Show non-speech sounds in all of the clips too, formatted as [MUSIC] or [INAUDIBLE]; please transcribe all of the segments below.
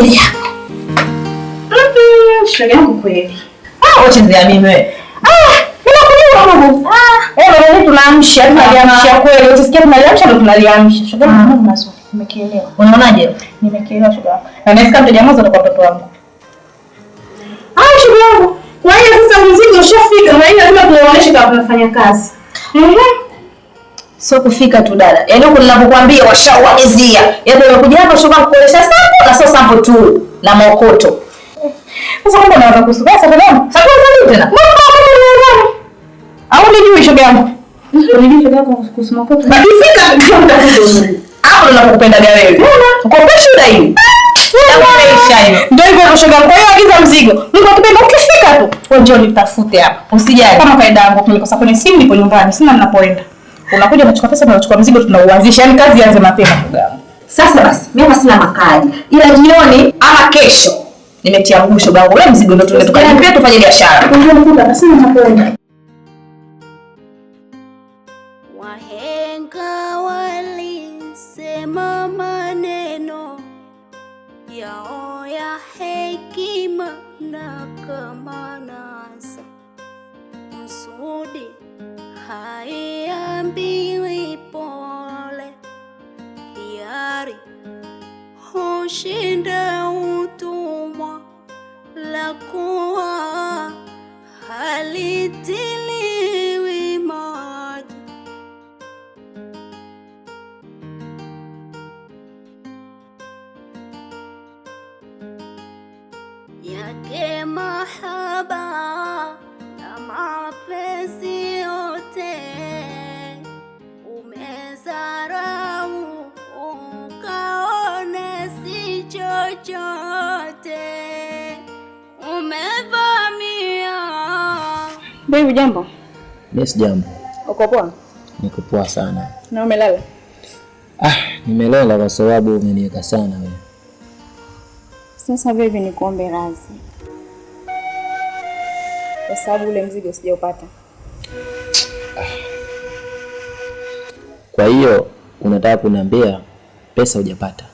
akili yako. Shoga yangu kweli. Ah, mzigo ushafika, lazima tuoneshe kama tunafanya kazi. Mhm. Sio kufika tu dada, yaani huko ninapokuambia washauagezia, yaani unakuja hapa shoga kukolesha sample na sio sample tu na mokoto. Sasa kumbe naweza kusuka sasa tena. Sasa kwa tena. Au nijui shoga yangu. Unijui shoga yangu kusema mokoto. Na kifika ndio mtakuja. Hapo nakupenda ninapokupendaga wewe. Unaona? Kwa shida hii. Ndio hivyo shoga Kwa hiyo agiza mzigo. Mungu akipenda ukifika tu. Wewe njoo nitafute hapa. Usijali. Kama kaida yangu kwa sababu ni simu nipo nyumbani. Sina ninapoenda unakuja unachukua pesa, na unachukua mzigo, tunauanzisha. Yani kazi ianze mapema kugamba. Sasa basi, mimi hapa sina makali, ila jioni ama kesho nimetia mgusho bangu ule mzigo, ndio tuende pia tufanye biashara. Unajua wahenga walisema maneno yao ya hekima na kamanasa msudi haya tuambiwe pole, tayari hushinda utumwa la kuwa haliti Yes, sijambo. Uko poa? Niko poa sana. Na umelala? Ah, nimelala kwa sababu umeniweka sana wewe. Sasa baby, nikuombe razi kwa sababu ule mzigo sijaupata. Ah. Kwa hiyo unataka kuniambia pesa hujapata?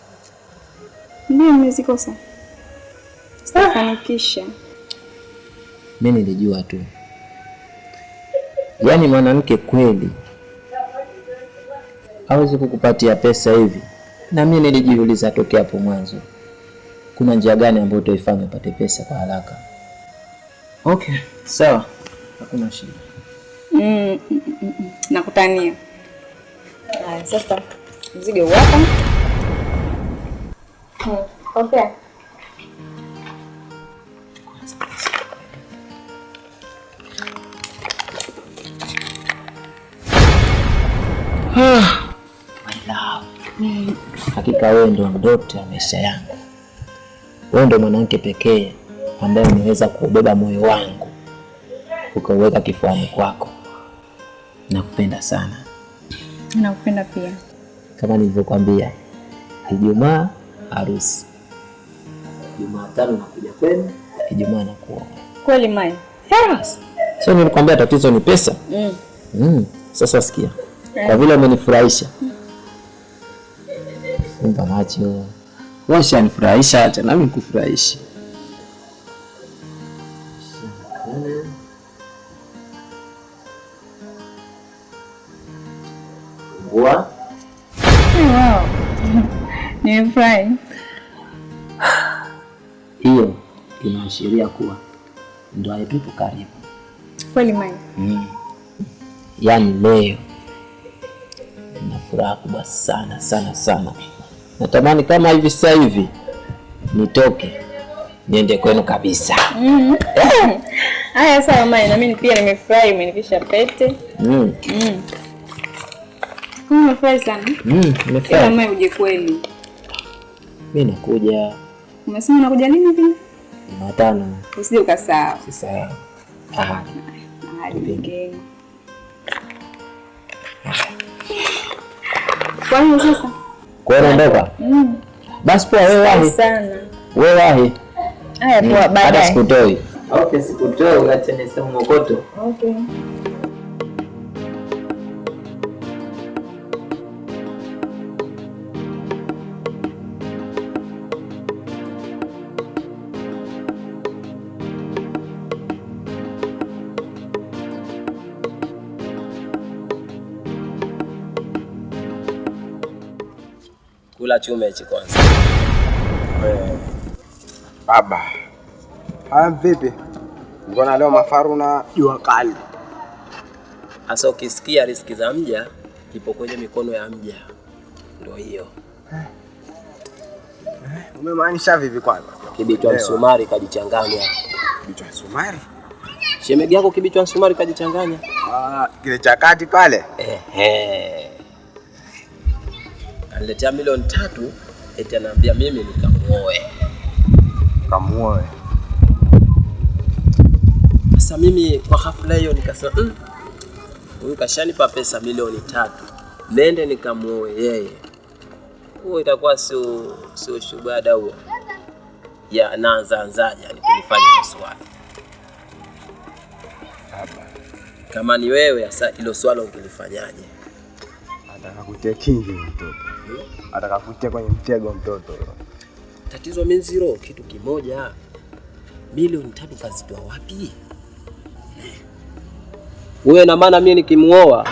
Ndio, nimezikosa. Sitafanikisha. Mimi nilijua tu. Yaani mwanamke kweli hawezi kukupatia pesa hivi. Na mimi nilijiuliza tokea hapo mwanzo, kuna njia gani ambayo utaifanya upate pesa kwa haraka? Okay, sawa, hakuna shida. Mm, mm, mm, mm, mm. nakutania. Ah, sasa mzigo hapa. Okay. Hakika wewe ndio ndoto ya maisha yangu, wewe ndio mwanamke pekee ambaye umeweza kuubeba moyo wangu ukauweka kifuani kwako. Nakupenda sana. Nakupenda pia. Kama nilivyokuambia, Ijumaa harusi, Jumatano nakuja kwenu, Ijumaa nakuoa. Kweli Maya? So nilikwambia tatizo ni pesa. mm. Mm. Sasa sikia, kwa eh. vile umenifurahisha mm. Mimba macho. washa nifurahisha, acha nami kufurahisha. [LAUGHS] Nimefurahi. Hiyo inaashiria kuwa ndoa yetu ipo karibu kweli mimi. Mm. Yaani leo na furaha kubwa sana sana sana. Natamani kama hivi sasa hivi nitoke niende kwenu kabisa. mm [LAUGHS] Haya, sawa mama, na mimi pia nimefurahi, umenivisha pete. mm. mm. Umefurahi sana. mm, nimefurahi. Mama, uje kweli? Mimi nakuja. Umesema unakuja lini vile? Jumatano. Usije ukasahau. Sasa. Ah. Kwa hiyo sasa kwa hiyo naondoka. Mm. Basi poa, wewe wahi. Sana. Wewe wahi. Haya poa, baadaye. Mm. Hata sikutoi. Okay, sikutoi, acha nisemwe mokoto. Okay. na kiume hichi kwanza. baba, haya vipi? Mbona leo mafaru na jua kali? Hasa ukisikia riski za mja ipo kwenye mikono ya mja, ndio hiyo. Eh, umemaanisha vipi kwanza? Kibichwa msumari kajichanganya. Kibichwa msumari? Shemegi yako kibichwa msumari kajichanganya. Ah, kile cha kati pale. eh aniletea milioni tatu eti anaambia mimi nikamuoe. Kamuoe. Sasa mimi kwa hafla hiyo nikasema mm, huyu kashanipa pesa milioni tatu, nende nikamuoe yeye. Huo itakuwa sio sio shubada huo ya naanzaanzaje, ni kunifanya maswali kama ni wewe sasa, hilo swala ungelifanyaje? atakakutia kingi mtoto, atakakutia kwenye mtego mtoto. Tatizo miziro kitu kimoja, milioni tatu kazitoa wapi? Uwe na maana mimi nikimuoa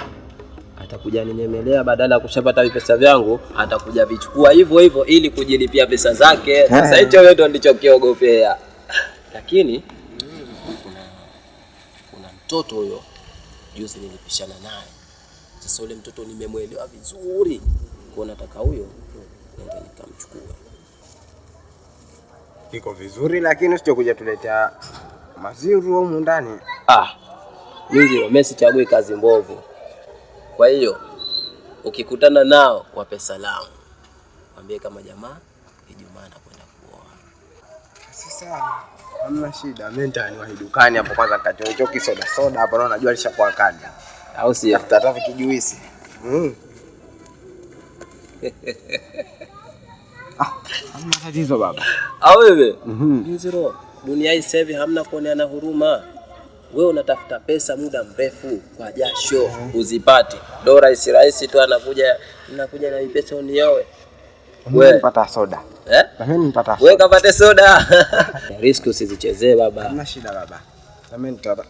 atakuja ninyemelea, badala ya kushapata pesa vyangu atakuja vichukua hivyo hivyo ili kujilipia pesa zake. Sasa hicho wewe ndo ndichokiogopea, lakini mm. kuna, kuna mtoto huyo juzi nilipishana naye sasa yule mtoto nimemwelewa vizuri, kwa nataka huyo nenda nikamchukua. Iko vizuri, lakini sio kuja tuletea maziru humu ndani. Ah, mimi sichagui kazi mbovu, kwa hiyo ukikutana nao wape salamu, mwambie kama jamaa Ijumaa anakwenda kuoa. Sasa hamna shida, mimi nitaniwahi dukani hapo kwanza, kachochoki soda soda hapo, naona najua alishakuwa kadi au si tafuta hata kijuisi mm. [LAUGHS] Ah, hamna tatizo baba. Au wewe? Mhm. Nziro, dunia hii sasa hivi hamna kuoneana huruma. Wewe unatafuta pesa muda mrefu kwa jasho mhm. uzipati Ndo rahisi rahisi tu anakuja nakuja na pesa uniowe. Wewe unapata soda. Eh? Na mimi soda. Wewe kapate soda. [LAUGHS] Risk usizichezee baba. Hamna shida baba. Na mimi nitapata.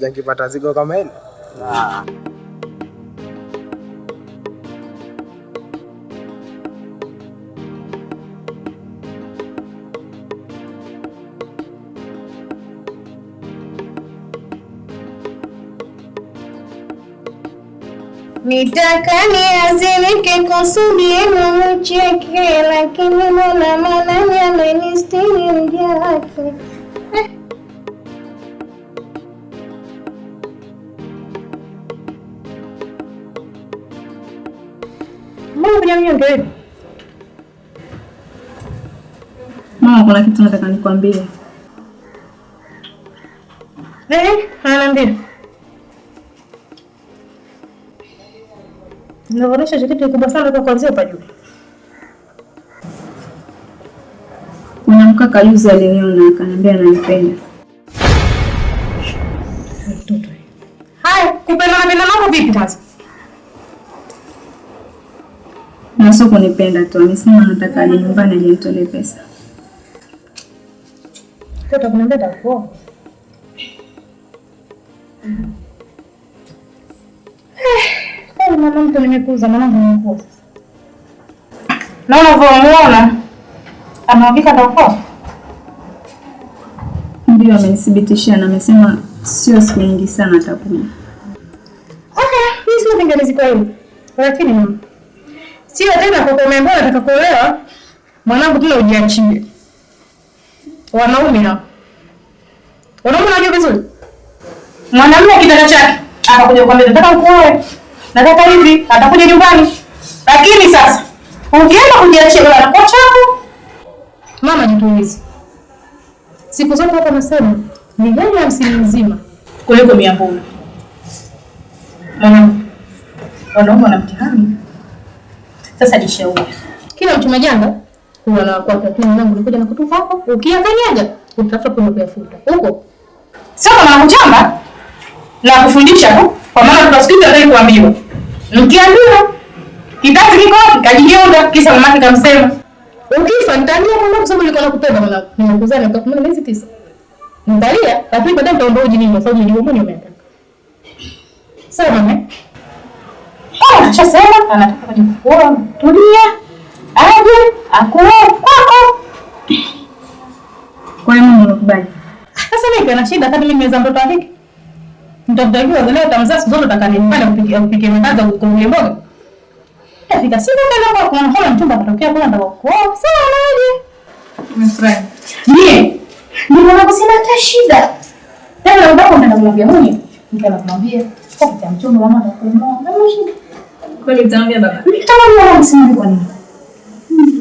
Jangipata zigo kama hili. Nitaka niazimike kusudi yenu cheke, lakini Mola Manani amenistiri mja wake Mama, kuna kitu nataka nikwambie. Eh, anambia. Naboresha kitu kikubwa sana kwa kuanzia hapa juu. Kuna mkaka juzi aliniona akaniambia ananipenda. Haya, kupenda na mimi na mambo vipi sasa? sio kunipenda tu, amesema anataka aje nyumbani alimtolee pesa. Eh, Mwanamke nimekuza naona vumuona amewavika Ndio amenithibitishia na amesema sio siku nyingi sana atakuja. Okay, mimi sina pingamizi kwa hilo, lakini Sio tena kwa kwa umeambiwa mwanangu tena ujiachie. Wanaume hao. Wanaume wanajua vizuri. Mwanamume kitaka chake, akakuja kukwambia nataka kuoa. Nataka hivi, atakuja nyumbani. Lakini sasa ukienda kujiachia bwana kwa chako. Mama jitulize. Siku zote hapa nasema ni gani hamsini mzima kuliko mia moja. Mwanangu. Wanaume wana mtihani. Sasa nishauri kila mchuma janga huwa na kwake, lakini mwanangu ulikuja na kutupa hapo, ukianganyaga utafuta kwenda kuyafuta huko. Sio kama mchamba na kufundisha tu, kwa maana tutasikiza ndio kuambiwa, mkiambiwa kitabu kiko wapi kisa mama kamsema ukifa nitalia mwanangu, sababu nilikuwa nakupenda mwanangu, nimekuzaa kwa kumi na miezi tisa, nitalia lakini baadaye nitaondoa nini, kwa sababu nilikuwa mwenye umetaka. Sawa mama anaacha Ashasema anataka kuja kukuoa, tulia aje akuoe kwako. Kwa nini mimi Sasa mimi kana shida hata mimi nimeza mtoto wake. Mtoto wangu wa leo tamzaa sizo nataka mpana kupiga kupiga mbaza kwa mboga. Afika siku kana kwa kuna mkono mtumba katokea kwa ndo kuoa. Sawa naje. Mfrai. Ni Nimeona kusema hata shida. Tena ndio ndo ndo kumwambia mwenye. Nikamwambia kwa kitamchomo mama na kumoa. Mama shida. Kweli utamwambia baba? Nitamwambia baba msingi kwa nini?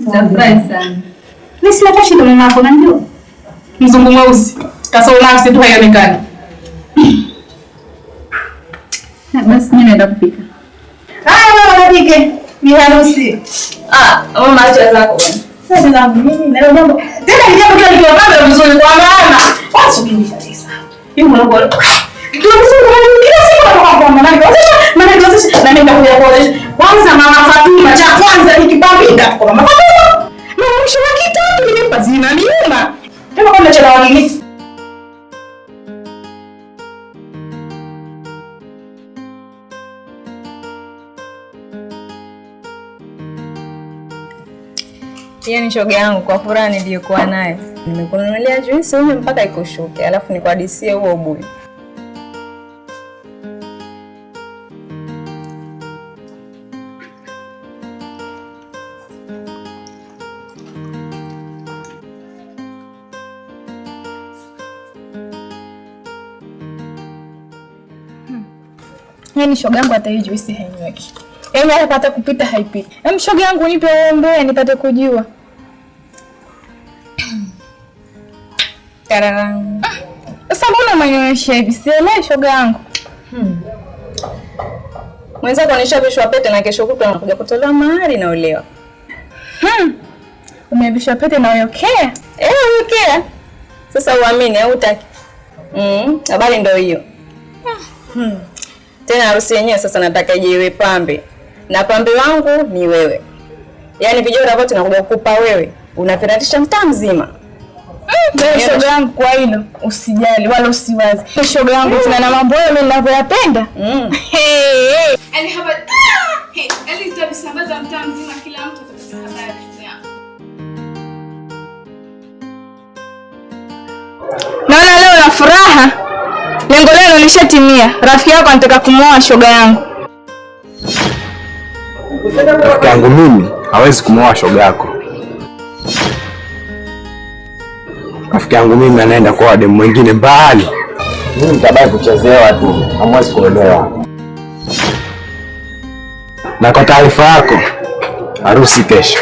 Nitafurahi sana. Mimi sina tashi ndio nako unajua. Mzungu mweusi. Kasoro nafsi tu haionekani. Na basi mimi naenda kupika. Ah, baba nipike. Ni harusi. Ah, wewe maacha zako Sasa zangu mimi na mambo. Tena ni jambo kile kwa baba mzuri kwa mama. Wacha mimi nisha tisa. Kwanza mama Fatuma, cha kwanza ni kipambika kwa mama Fatuma. Mama mwisho wa zina miuma. Kama kwa mchana wa nini? Yaani shoga yangu kwa furaha niliyokuwa nayo. Nimekununulia juisi huyu mpaka ikushuke, alafu nikwadisie huo ubuyu. yani shoga yangu hata hii juisi hainyweki. Yaani hata kupita haipiti. Yaani Hem, shoga yangu nipe ombe nipate kujua. Tararang. Ah, sasa mbona umenionyesha hivi? Sielewi shoga yangu. Hmm. Mwenza kuonyesha vishwa pete na kesho kutwa anakuja kutolewa mahari na olewa. Hmm. Umevishwa pete na uyokea? Eh, uyokea. Sasa uamini au utaki? Mm, habari ndio hiyo. Hmm. Tena harusi yenyewe sasa nataka ijiwe pambe na pambe wangu ni wewe, yaani vijana vyote tunakuja kukupa wewe, unafiratisha mtaa mzima. Yaani shoga yangu, kwa hilo usijali wala usiwazi. Shoga yangu, mm. tuna na mambo hayo mimi ninavyoyapenda. Naona leo na furaha Lengo lenu lishatimia. Rafiki yako anataka kumwoa shoga yangu. Rafiki yangu mimi hawezi kumwoa shoga yako. Rafiki yangu mimi anaenda kwa demu mwingine mbali. Mimi nitabaki kuchezewa tu, hamwezi kuelewa. Na kwa taarifa yako, harusi kesho.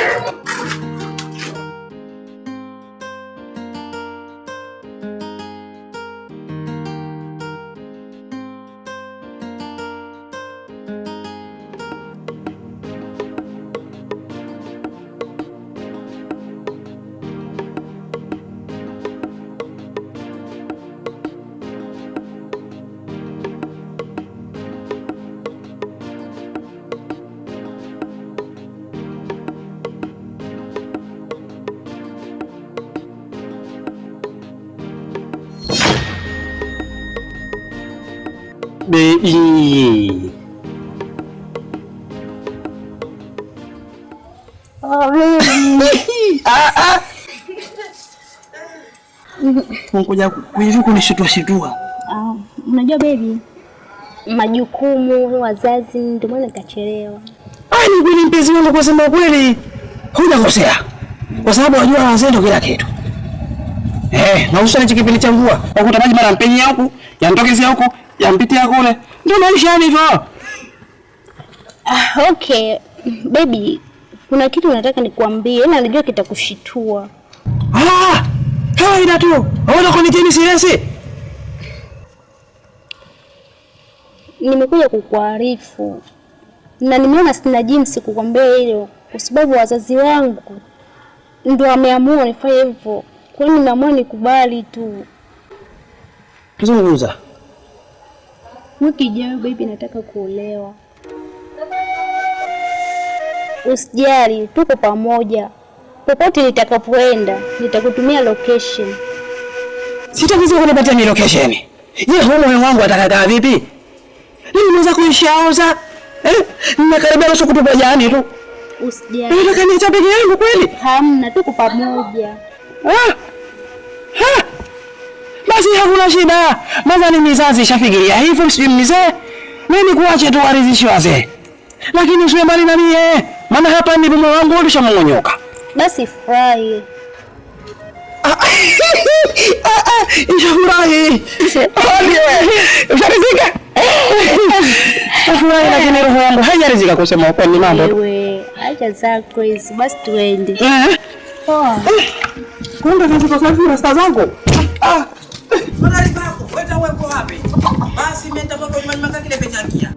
bei. Ngoja hivi kunishitua shitua. Ah, unajua baby, majukumu wazazi, ndio maana nikachelewa. Ni kweli mpenzi wangu, kusema kweli hujakosea, kwa sababu unajua wazee ndio kila kitu. Eh, na usiache kipindi cha mvua, wakuta maji mara mpenyi huku yantokezea huku yampitia kule, ndio maisha yalivyo. Ah, okay baby, kuna kitu nataka nikuambie, ila najua kitakushitua. Ah, kawaida tu, aona kunijeni siresi. Nimekuja kukuarifu na nimeona sina jinsi kukwambia hilo, kwa sababu wazazi wangu ndio wameamua nifanye hivyo, kwani ni nikubali tu. Zungumza. Wiki ijayo baby, nataka kuolewa. Usijali, tuko pamoja. Popote nitakapoenda nitakutumia location. Sitakizo kunipatia ni location. Je, huu moyo wangu atakataa vipi? Mimi naweza Eh, nakaribia nusu kutupa jani tu. Usijali. Nataka niacha yangu kweli? Hamna, tuko pamoja. Ah. Ha. Ah! basi hakuna shida. ni mizazi ishafikiria hivyo, sijui mzee, mimi kuache tu warizishi wazee, lakini usiwe mbali na mie, maana hapa ni mume wangu ulishamongonyoka. Basi furahi ah, ah, ah, ishafurahi, usharizika [LAUGHS] lakini roho yangu haijarizika kusema ukweli. Mambo acha zako hizi, basi tuende. Eh? Eh, kumbe kazi kwa kazi na saa zangu Habari zako, wewe uko wapi? Basi mimi nitakuwa kwa manyama kile pechangia.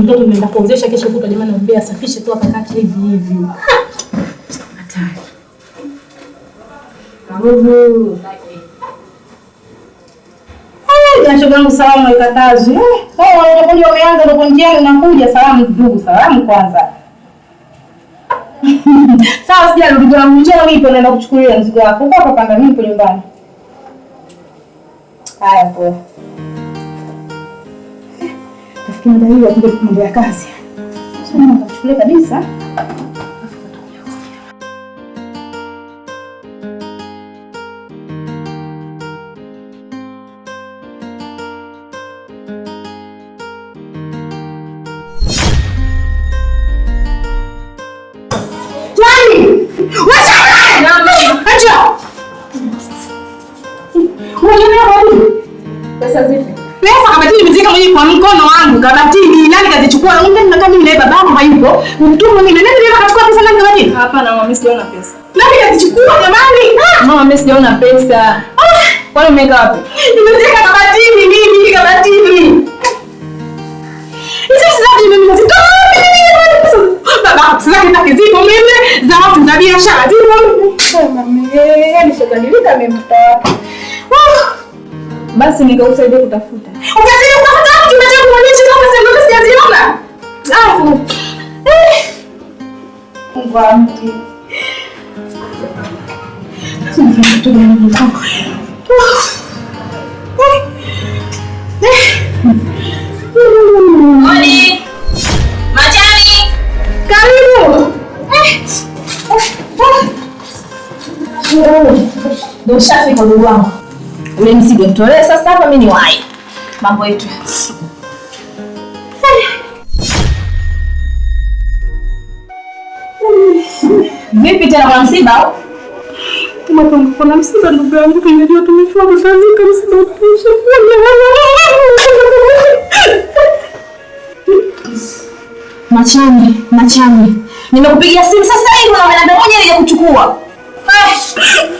mtoto nenda kuozesha kesho kutwa, jamani, naomba asafishe tu hapa hivi hivi. Hatari. Karubu. Eh, salamu ikatazi. unakuja umeanza unakuja salamu ndugu salamu kwanza. [LAUGHS] Sawa sija ndugu njoo nipo naenda kuchukulia mzigo wako. nyumbani. Haya poa kufikia muda huu akumbe mambo ya kazi kachukulia kabisa. Pesa zipi? Pesa kabatini nimezika mwenyewe kwa mkono wangu. Kabatini nani kazichukua? Mimi ninakaa mimi na babangu hayupo. Mtu mwingine nani ndiye akachukua pesa nani kabatini? Hapana mama, mimi sijaona pesa. Nani kazichukua jamani? Ah! Ah! Mama, mimi sijaona pesa. Ah! Kwani umeweka wapi? Nimezika kabatini mimi, kabatini. Hizo sasa mimi nimezitoa zake zake zipo mimi za watu za biashara zipo. Mama, yaani shetani nikamempata. Basi nikakusaidia kutafuta. Unazidi kutafuta hapo kile cha kuonyesha kama sema sijaziona. Ah. Mungu mti. Oli. Majani. Karibu. Ndio safi kwa wangu. Ule mzigo mtolee eh, sasa hapa, mimi ni wai mambo yetu. Vipi tena kwa msiba msiba ndugu yangu, tunajua tumefua kutazika msiba Machangi, Machangi. Nimekupigia simu sasa hivi na mwanadamu mmoja kuchukua. Ah.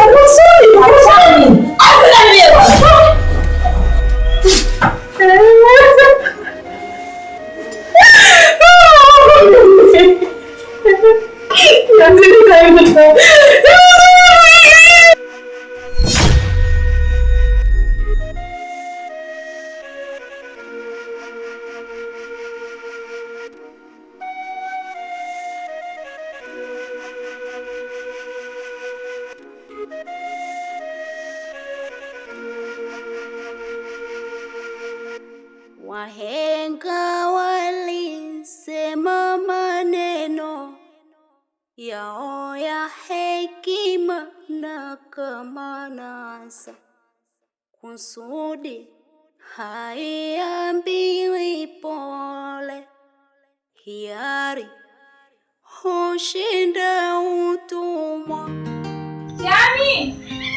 yao ya hekima na kamanasa kusudi haiambiwi pole, hiari hushinda utumwa. Jamii!